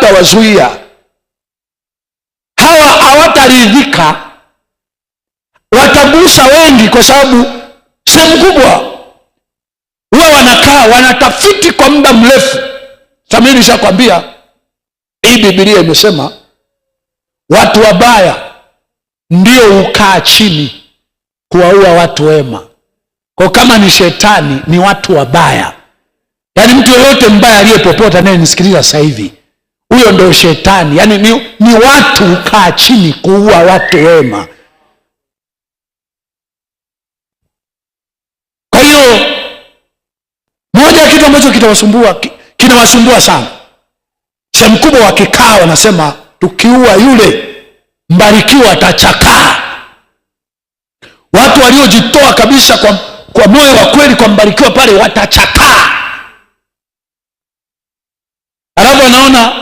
hawatawazuia hawa hawataridhika, watagusa wengi, kwa sababu sehemu kubwa huwa wanakaa wanatafiti kwa muda mrefu. Samii nishakwambia hii Bibilia imesema watu wabaya ndio hukaa chini kuwaua watu wema. Kwa kama ni shetani, ni watu wabaya, yaani mtu yoyote mbaya aliyepopota naye nisikiliza hivi huyo ndo shetani yaani ni, ni watu hukaa chini kuua watu wema kwa hiyo moja ya kitu ambacho kitawasumbua kinawasumbua sana sehemu kubwa wakikaa wanasema tukiua yule mbarikiwa atachakaa watu waliojitoa kabisa kwa, kwa moyo wa kweli kwa mbarikiwa pale watachakaa alafu anaona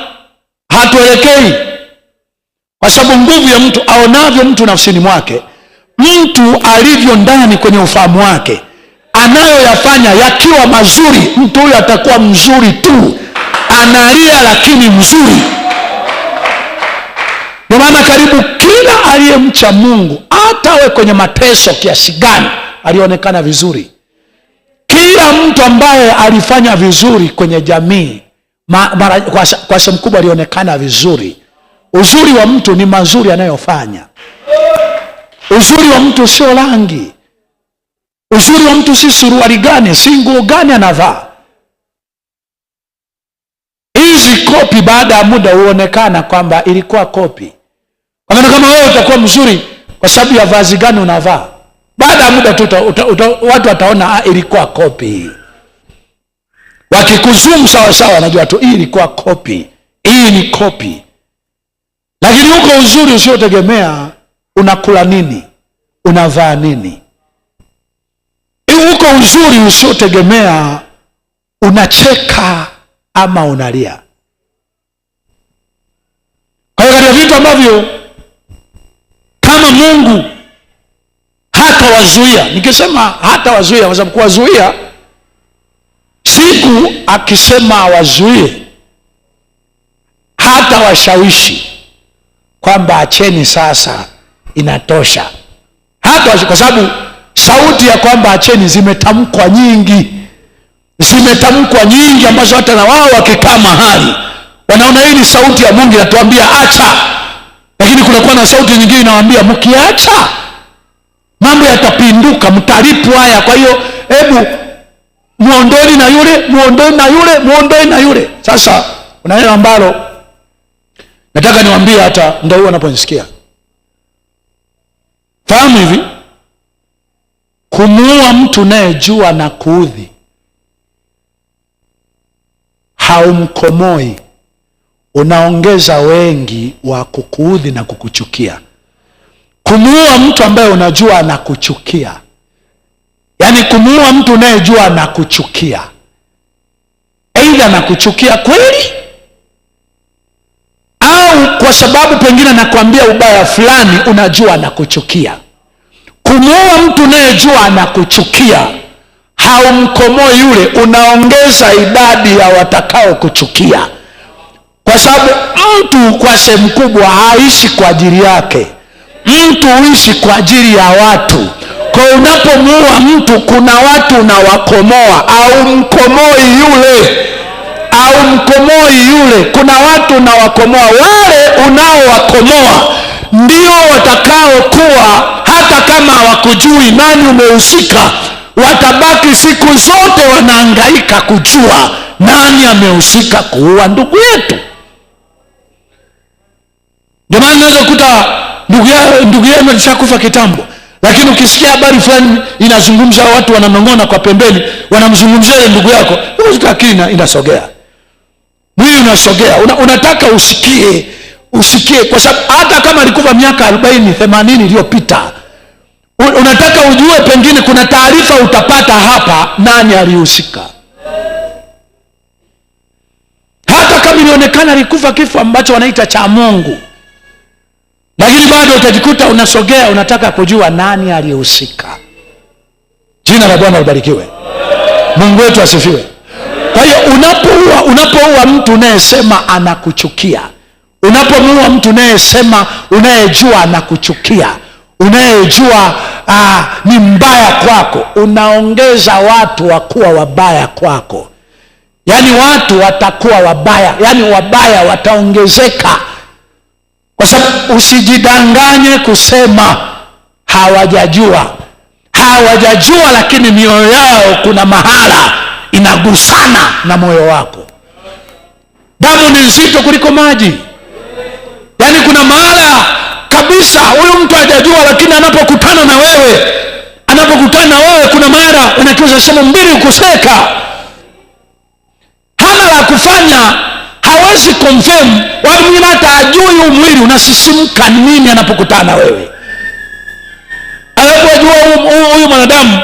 hatuelekei, kwa sababu nguvu ya mtu aonavyo mtu nafsini mwake, mtu alivyo ndani kwenye ufahamu wake, anayoyafanya yakiwa mazuri, mtu huyo atakuwa mzuri tu, analia lakini mzuri. Ndio maana karibu kila aliyemcha Mungu, hata awe kwenye mateso kiasi gani, alionekana vizuri. Kila mtu ambaye alifanya vizuri kwenye jamii Ma, mara, kwa, kwa sehemu kubwa alionekana vizuri. Uzuri wa mtu ni mazuri anayofanya. Uzuri wa mtu sio rangi. Uzuri wa mtu si suruali gani, si nguo gani anavaa. Hizi kopi baada ya muda huonekana kwamba ilikuwa kopi. Kwa kama wewe utakuwa mzuri kwa sababu ya vazi gani unavaa, baada ya muda tu watu wataona ah, ilikuwa kopi wakikuzumu sawasawa, najua tu hii ilikuwa kopi, hii ni kopi. Lakini huko uzuri usiotegemea, unakula nini, unavaa nini, huko uzuri usiotegemea, unacheka ama unalia. Kwa hiyo katika vitu ambavyo kama Mungu hata wazuia, nikisema hata wazuia kwa sababu kuwazuia siku akisema awazuie, hata washawishi kwamba acheni sasa, inatosha. Hata kwa sababu sauti ya kwamba acheni zimetamkwa nyingi, zimetamkwa nyingi ambazo hata na wao wakikaa mahali wanaona hii ni sauti ya Mungu inatuambia acha, lakini kunakuwa na sauti nyingine inawaambia mkiacha mambo yatapinduka, mtalipwa haya. Kwa hiyo hebu muondoni na yule, muondoni na yule, muondoni na yule. Sasa kuna neno ambalo nataka niwaambie, hata ndio huwa anaponisikia fahamu hivi, kumuua mtu unayejua na kuudhi haumkomoi, unaongeza wengi wa kukuudhi na kukuchukia. Kumuua mtu ambaye unajua anakuchukia yaani kumuua mtu unayejua na kuchukia, aidha na kuchukia kweli au kwa sababu pengine nakwambia ubaya fulani, unajua na kuchukia. Kumuua mtu unayejua na kuchukia haumkomoi yule, unaongeza idadi ya watakaokuchukia, kwa sababu mtu kwa sehemu kubwa haishi kwa ajili yake, mtu huishi kwa ajili ya watu. Kwa unapomuua mtu, kuna watu unawakomoa, au mkomoi yule, au mkomoi yule. Kuna watu unawakomoa, wale unaowakomoa ndio watakaokuwa, hata kama hawakujui nani umehusika, watabaki siku zote wanaangaika kujua nani amehusika kuua ndugu yetu. Ndio maana unaweza kukuta ndugu yenu alishakufa kitambo lakini ukisikia habari fulani inazungumza, watu wananong'ona kwa pembeni, wanamzungumzia ile ndugu yako, akili inasogea, mwili unasogea, una, unataka usikie, usikie, kwa sababu hata kama likuva miaka arobaini themanini iliyopita unataka ujue, pengine kuna taarifa utapata hapa, nani alihusika, hata kama ilionekana alikufa kifo ambacho wanaita cha Mungu utajikuta unasogea, unataka kujua nani aliyehusika. Jina la Bwana libarikiwe, Mungu wetu asifiwe. Kwa hiyo unapoua, unapoua mtu unayesema anakuchukia, unapomuua mtu unayesema, unayejua anakuchukia, unayejua ah, ni mbaya kwako, unaongeza watu wakuwa wabaya kwako. Yaani watu watakuwa wabaya, yaani wabaya wataongezeka kwa sababu usijidanganye kusema hawajajua. Hawajajua, lakini mioyo yao kuna mahala inagusana na moyo wako. Damu ni nzito kuliko maji, yaani kuna mahala kabisa huyu mtu hajajua, lakini anapokutana na wewe, anapokutana na wewe, kuna mara unakiweza sehemu mbili kuseka, hana la kufanya hawezi confirm. Watu mwingine hata ajui huu mwili unasisimka nini anapokutana wewe, anapojua huyu mwanadamu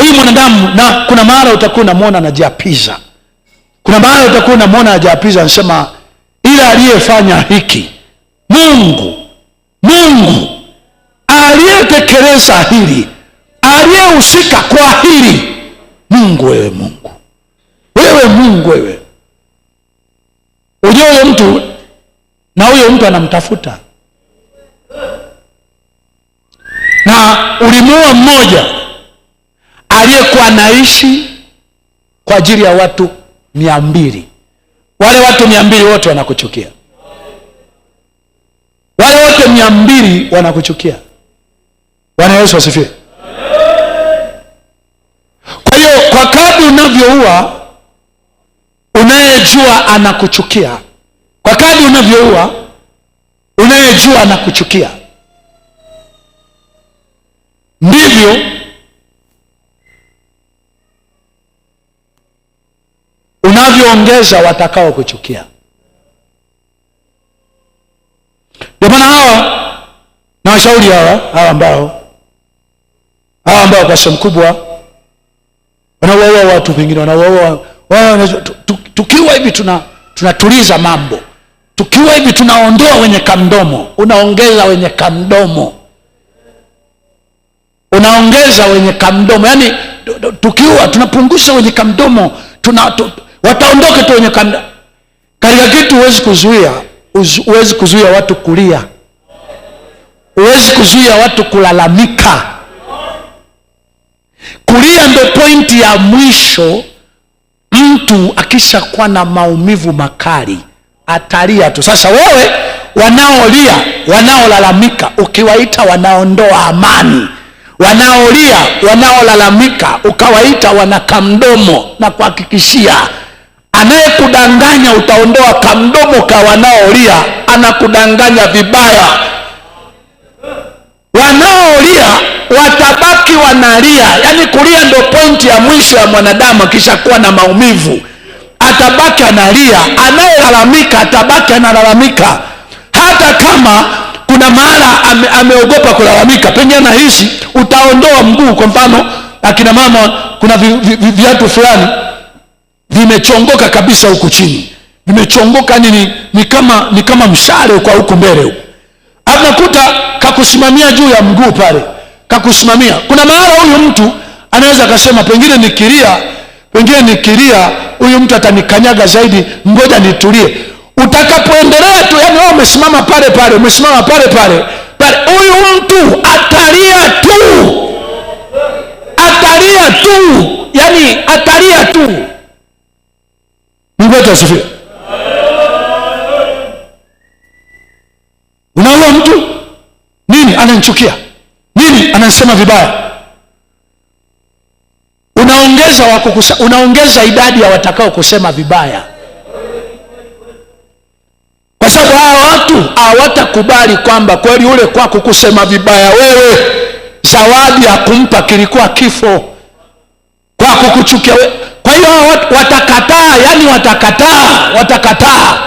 huyu mwanadamu. Na kuna mara utakuwa unamwona anajiapiza, kuna mara utakuwa unamwona anajiapiza, anasema ila aliyefanya hiki Mungu, Mungu aliyetekeleza hili, aliyehusika kwa hili Mungu, wewe Mungu, wewe Mungu, wewe Ujue huyo mtu na huyo mtu anamtafuta, na ulimuua mmoja aliyekuwa anaishi kwa ajili ya watu mia mbili. Wale watu mia mbili wote wanakuchukia, wale wote mia mbili wanakuchukia. Bwana Yesu asifiwe. Kwa hiyo kwa kadri unavyoua unayejua anakuchukia kwa kadi unavyoua unayejua anakuchukia ndivyo unavyoongeza watakao kuchukia ndio maana hawa na washauri hawa hawa ambao hawa ambao kwa sehemu kubwa wanawaua watu, pengine wanawaua tukiwa hivi tuna tunatuliza mambo tukiwa hivi tunaondoa wenye kamdomo unaongeza wenye kamdomo unaongeza wenye kamdomo yaani tukiwa tunapungusha wenye kamdomo tuna, tu, wataondoka tu wenye kamdomo katika kitu huwezi kuzuia huwezi kuzuia watu kulia huwezi kuzuia watu kulalamika kulia ndo pointi ya mwisho Mtu akishakuwa na maumivu makali atalia tu. Sasa wewe, wanaolia wanaolalamika, ukiwaita wanaondoa amani, wanaolia wanaolalamika, ukawaita wana kamdomo na kuhakikishia anayekudanganya utaondoa kamdomo ka wanaolia, anakudanganya vibaya. Wanaolia wataba akiwa nalia, yani kulia ndo pointi ya mwisho ya mwanadamu. Akishakuwa na maumivu atabaki analia, anayelalamika atabaki analalamika, hata kama kuna mahala ame, ameogopa kulalamika, pengine anahisi utaondoa mguu. Kwa mfano, akina mama kuna viatu vi, vi, vi fulani vimechongoka kabisa huku chini, vimechongoka yani ni, ni kama ni kama mshale kwa huku mbele huku, kakusimamia juu ya mguu pale kakusimamia. Kuna mahala huyu mtu anaweza akasema, pengine nikilia, pengine nikilia, huyu mtu atanikanyaga zaidi, ngoja nitulie. Utakapoendelea tu, yani wewe umesimama pale pale, umesimama pale pale pale, huyu mtu atalia tu, atalia tu, yani atalia tu. Mungu wetu unaua mtu nini anamchukia nini? Anasema vibaya. Unaongeza wakukusa, unaongeza idadi ya watakao kusema vibaya, kwa sababu hawa watu hawatakubali kwamba kweli ule kwako kusema vibaya wewe, zawadi ya kumpa kilikuwa kifo kwako kuchukia Kwa hiyo watakataa, yani watakataa, watakataa,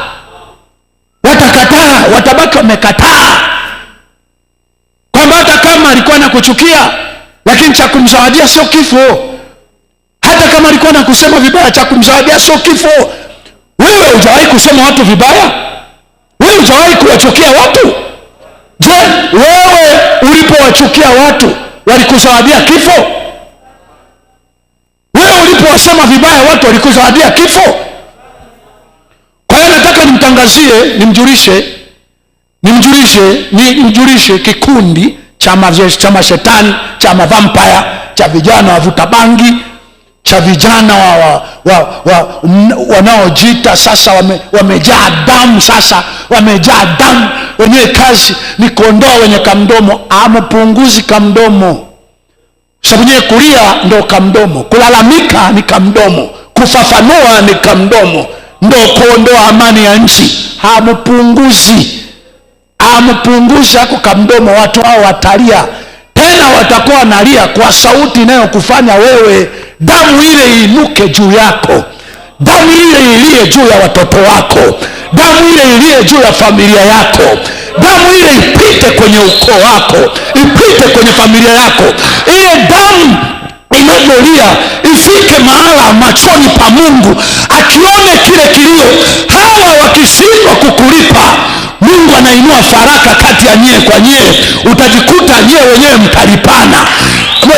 watakataa, watabaki wamekataa kwamba hata kama alikuwa anakuchukia lakini cha kumzawadia sio kifo hata kama alikuwa anakusema vibaya cha kumzawadia sio kifo wewe hujawahi kusema watu vibaya wewe hujawahi kuwachukia watu je wewe ulipowachukia watu walikuzawadia kifo wewe ulipowasema vibaya watu walikuzawadia kifo kwa hiyo nataka nimtangazie nimjulishe nimjulishe nimjulishe kikundi chama, chama shetani, chama vampire, cha vijana wavuta bangi, cha vijana wa, wa, wa, wa, wanaojita sasa wame, wamejaa damu sasa wamejaa damu, wenyewe kazi ni kuondoa wenye kamdomo. Amupunguzi kamdomo, sababu nyewe kulia ndo kamdomo, kulalamika ni kamdomo, kufafanua ni kamdomo, ndo kuondoa amani ya nchi. Hampunguzi ampungusha kamdomo watu hao watalia tena, watakuwa wanalia kwa sauti inayokufanya wewe damu ile iinuke juu yako, damu ile iliye juu ya watoto wako, damu ile iliye juu ya familia yako, damu ile ipite kwenye ukoo wako, ipite kwenye familia yako, ile damu inavyolia ifike mahala machoni pa Mungu akione kile kilio, hawa wakishindwa kukulia wanainua faraka kati ya nyie kwa nyie, utajikuta nyie wenyewe mtalipana.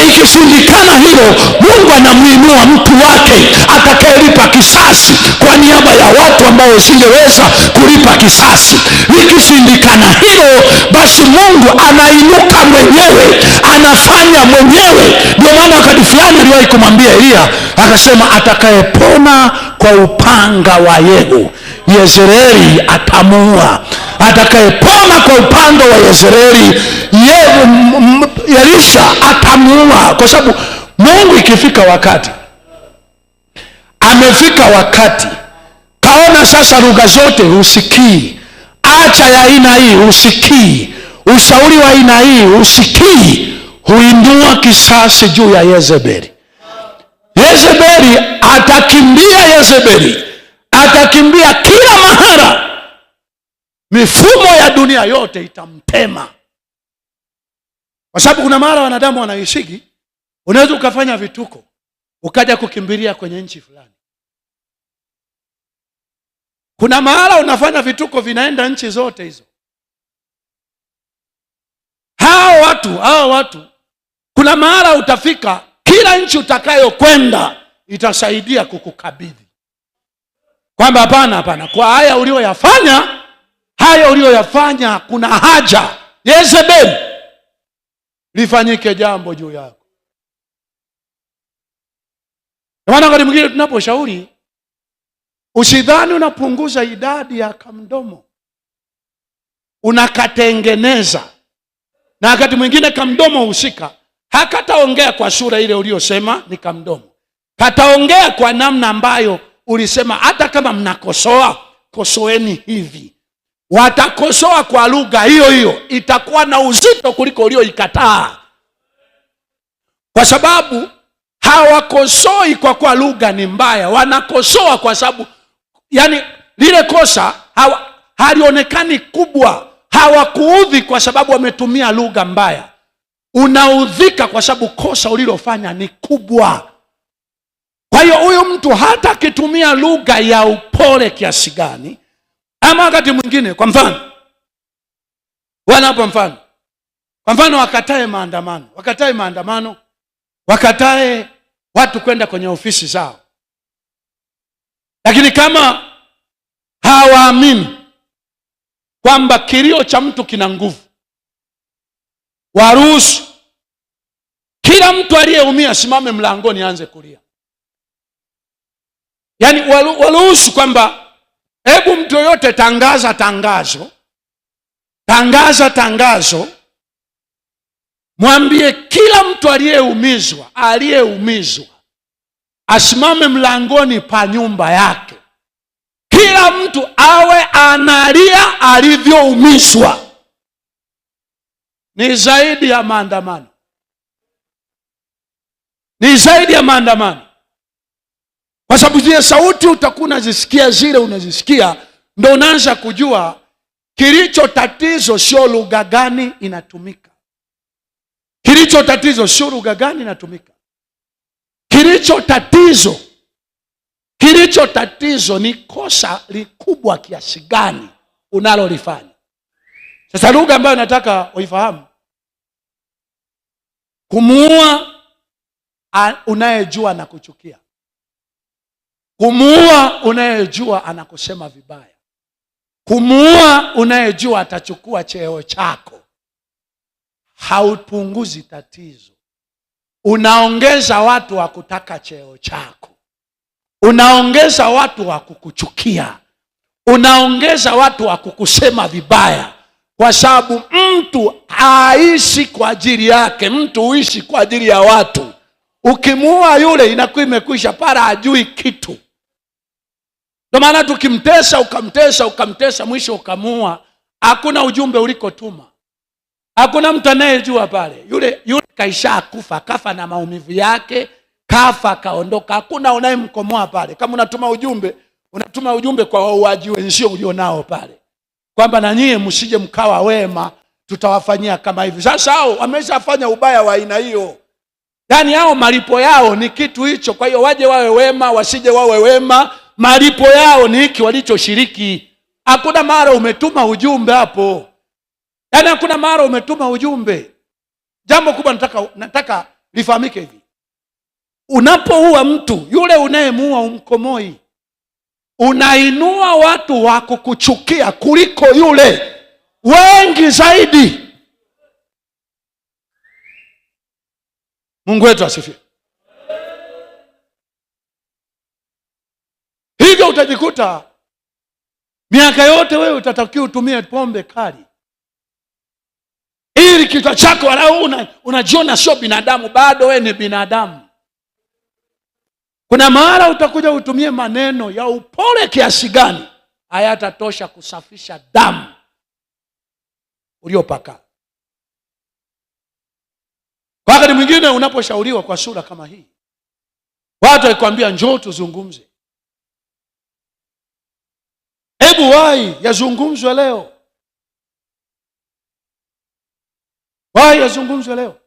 Ikishindikana hilo, Mungu anamwinua mtu wake atakayelipa kisasi kwa niaba ya watu ambao usingeweza kulipa kisasi. Ikishindikana hilo, basi Mungu anainuka mwenyewe, anafanya mwenyewe. Ndio maana wakati fulani aliwahi kumwambia Eliya akasema, atakayepona kwa upanga wa Yehu Yezreeli atamuua atakayepona kwa upande wa Yezreeli, Elisha atamuua, kwa sababu Mungu ikifika wakati, amefika wakati, kaona sasa lugha zote husikii, acha ya aina hii husikii, ushauri wa aina hii husikii, huinua kisasi juu ya Yezebeli. Yezebeli atakimbia, Yezebeli atakimbia kila mahara mifumo ya dunia yote itamtema, kwa sababu kuna mara wanadamu wanaishigi, unaweza ukafanya vituko ukaja kukimbilia kwenye nchi fulani. Kuna mahala unafanya vituko vinaenda nchi zote hizo. hawa watu hawa watu, kuna mahala utafika, kila nchi utakayokwenda itasaidia kukukabidhi kwamba hapana, hapana, kwa haya ulioyafanya hayo uliyoyafanya kuna haja Yezebeli lifanyike jambo juu yako. Maana wakati mwingine tunaposhauri, usidhani unapunguza idadi ya kamdomo, unakatengeneza. Na wakati mwingine kamdomo husika hakataongea kwa sura ile uliyosema ni kamdomo, kataongea kwa namna ambayo ulisema. Hata kama mnakosoa, kosoeni hivi watakosoa kwa lugha hiyo hiyo, itakuwa na uzito kuliko ulioikataa, kwa sababu hawakosoi kwa kwa lugha ni mbaya, wanakosoa kwa sababu yani lile kosa hawa, halionekani kubwa. Hawakuudhi kwa sababu wametumia lugha mbaya, unaudhika kwa sababu kosa ulilofanya ni kubwa. Kwa hiyo huyu mtu hata akitumia lugha ya upole kiasi gani ama wakati mwingine, kwa mfano hapo mfano, kwa mfano wakatae maandamano, wakatae maandamano, wakatae watu kwenda kwenye ofisi zao, lakini kama hawaamini kwamba kilio cha mtu kina nguvu, waruhusu kila mtu aliyeumia simame mlangoni aanze kulia, yaani waruhusu kwamba Hebu mtu yoyote tangaza tangazo, tangaza tangazo, mwambie kila mtu aliyeumizwa, aliyeumizwa asimame mlangoni pa nyumba yake, kila mtu awe analia alivyoumizwa. Ni zaidi ya maandamano, ni zaidi ya maandamano kwa sababu zile sauti utakuwa unazisikia zile unazisikia, ndo unaanza kujua kilicho tatizo sio lugha gani inatumika. Kilicho tatizo sio lugha gani inatumika. Kilicho tatizo, kilicho tatizo ni kosa likubwa kiasi gani unalolifanya. Sasa lugha ambayo nataka uifahamu, kumuua unayejua na kuchukia Kumuua unayejua anakusema vibaya, kumuua unayejua atachukua cheo chako, haupunguzi tatizo, unaongeza watu wa kutaka cheo chako, unaongeza watu wa kukuchukia, unaongeza watu wa kukusema vibaya, kwa sababu mtu haishi kwa ajili yake, mtu huishi kwa ajili ya watu. Ukimuua yule inakuwa imekwisha, para ajui kitu. Ndio maana tukimtesa, ukamtesa, ukamtesa, mwisho ukamuua, hakuna ujumbe ulikotuma, hakuna mtu anayejua pale. Yule yule kaisha kufa, kafa na maumivu yake, kafa kaondoka, hakuna unayemkomoa pale. Kama unatuma ujumbe, unatuma ujumbe kwa wauaji wenzio ulionao pale, kwamba na nyie msije mkawa wema, tutawafanyia kama hivi. Sasa hao wameshafanya ubaya wa aina hiyo yaani hao malipo yao ni kitu hicho. Kwa hiyo waje wawe wema, wasije wawe wema, malipo yao ni hiki walichoshiriki. Hakuna mara umetuma ujumbe hapo, yaani hakuna mara umetuma ujumbe. Jambo kubwa nataka, nataka lifahamike hivi, unapoua mtu yule unayemuua umkomoi, unainua watu wa kukuchukia kuliko yule wengi zaidi Mungu wetu asifiwe. Hivyo utajikuta miaka yote wewe utatakiwa utumie pombe kali ili kichwa chako alau una, unajiona sio binadamu bado, wewe ni binadamu. Kuna mahala utakuja utumie maneno ya upole kiasi gani, hayatatosha kusafisha damu uliopaka kwa wakati mwingine unaposhauriwa kwa sura kama hii, watu wakikwambia njoo tuzungumze, hebu wai yazungumzwe leo, wai yazungumzwe leo.